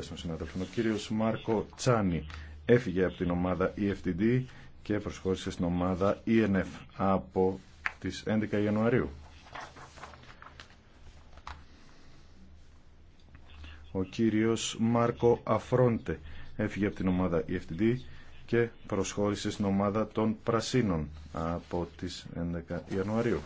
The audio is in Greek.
των Ο κύριο Μάρκο Τσάνι έφυγε από την ομάδα EFTD και προσχώρησε στην ομάδα ENF από τις 11 Ιανουαρίου. Ο κύριος Μάρκο Αφρόντε έφυγε από την ομάδα EFTD και προσχώρησε στην ομάδα των Πρασίνων από τις 11 Ιανουαρίου.